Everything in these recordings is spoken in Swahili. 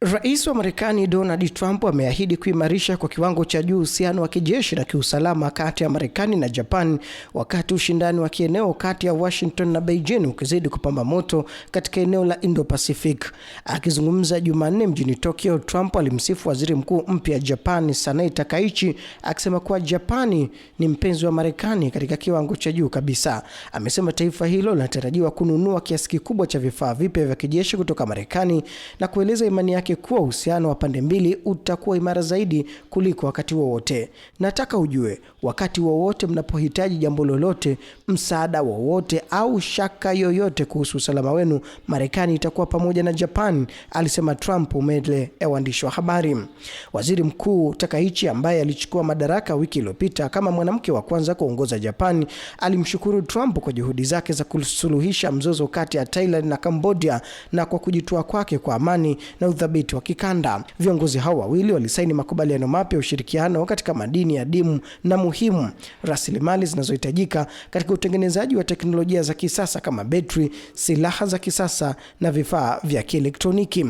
Rais wa Marekani Donald Trump ameahidi kuimarisha kwa kiwango cha juu uhusiano wa kijeshi na kiusalama kati ya Marekani na Japan wakati ushindani wa kieneo kati ya Washington na Beijing ukizidi kupamba moto katika eneo la Indo-Pacific. Akizungumza Jumanne mjini Tokyo, Trump alimsifu Waziri Mkuu mpya japan Sanae Takaichi akisema kuwa Japani ni mpenzi wa Marekani katika kiwango cha juu kabisa. Amesema taifa hilo linatarajiwa kununua kiasi kikubwa cha vifaa vipya vya kijeshi kutoka Marekani na kueleza imani yake yake kuwa uhusiano wa pande mbili utakuwa imara zaidi kuliko wakati wowote. Nataka ujue, wakati wowote mnapohitaji jambo lolote, msaada wowote au shaka yoyote kuhusu usalama wenu, Marekani itakuwa pamoja na Japan, alisema Trump mbele ya waandishi wa habari. Waziri Mkuu Takaichi ambaye alichukua madaraka wiki iliyopita kama mwanamke wa kwanza kuongoza Japan alimshukuru Trump kwa juhudi zake za kusuluhisha mzozo kati ya Thailand na Cambodia na kwa kujitoa kwake kwa amani na uthabiti uthabiti wa kikanda. Viongozi hao wawili walisaini makubaliano mapya ya ushirikiano katika madini ya dimu na muhimu, rasilimali zinazohitajika katika utengenezaji wa teknolojia za kisasa kama betri, silaha za kisasa na vifaa vya kielektroniki.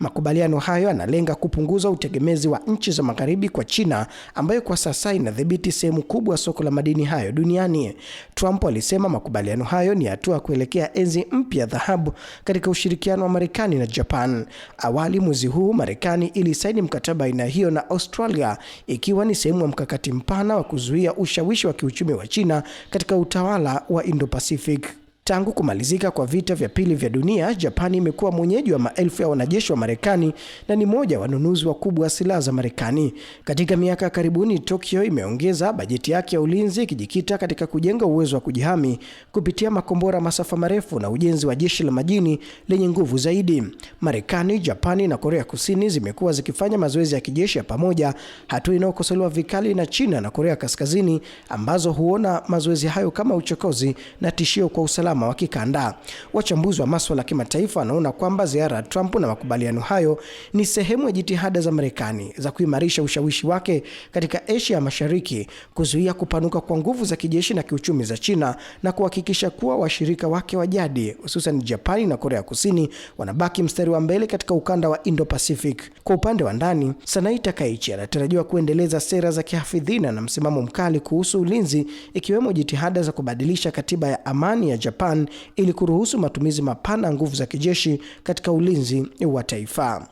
Makubaliano hayo yanalenga kupunguza utegemezi wa nchi za magharibi kwa China ambayo kwa sasa inadhibiti sehemu kubwa ya soko la madini hayo duniani. Trump alisema makubaliano hayo ni hatua kuelekea enzi mpya dhahabu katika ushirikiano wa Marekani na Japan. Awali Aprili mwezi huu Marekani ilisaini mkataba aina hiyo na Australia, ikiwa ni sehemu ya mkakati mpana wa kuzuia ushawishi wa kiuchumi wa China katika utawala wa Indo-Pacific. Tangu kumalizika kwa vita vya pili vya dunia, Japani imekuwa mwenyeji wa maelfu ya wanajeshi wa Marekani na ni moja wanunuzi wakubwa wa silaha za Marekani. Katika miaka ya karibuni, Tokyo imeongeza bajeti yake ya ulinzi ikijikita katika kujenga uwezo wa kujihami kupitia makombora masafa marefu na ujenzi wa jeshi la majini lenye nguvu zaidi. Marekani, Japani na Korea Kusini zimekuwa zikifanya mazoezi ya kijeshi ya pamoja, hatua inayokosolewa vikali na China na Korea Kaskazini ambazo huona mazoezi hayo kama uchokozi na tishio kwa usalama usalama wa kikanda. Wachambuzi wa masuala ya kimataifa wanaona kwamba ziara ya Trump na makubaliano hayo ni sehemu ya jitihada za Marekani za kuimarisha ushawishi wake katika Asia ya Mashariki, kuzuia kupanuka kwa nguvu za kijeshi na kiuchumi za China na kuhakikisha kuwa washirika wake wa jadi hususan Japani na Korea Kusini wanabaki mstari wa mbele katika ukanda wa Indo-Pacific. Kwa upande wa ndani, Sanai Takaichi anatarajiwa kuendeleza sera za kihafidhina na msimamo mkali kuhusu ulinzi, ikiwemo jitihada za kubadilisha katiba ya amani ya Japan Japan ili kuruhusu matumizi mapana ya nguvu za kijeshi katika ulinzi wa taifa.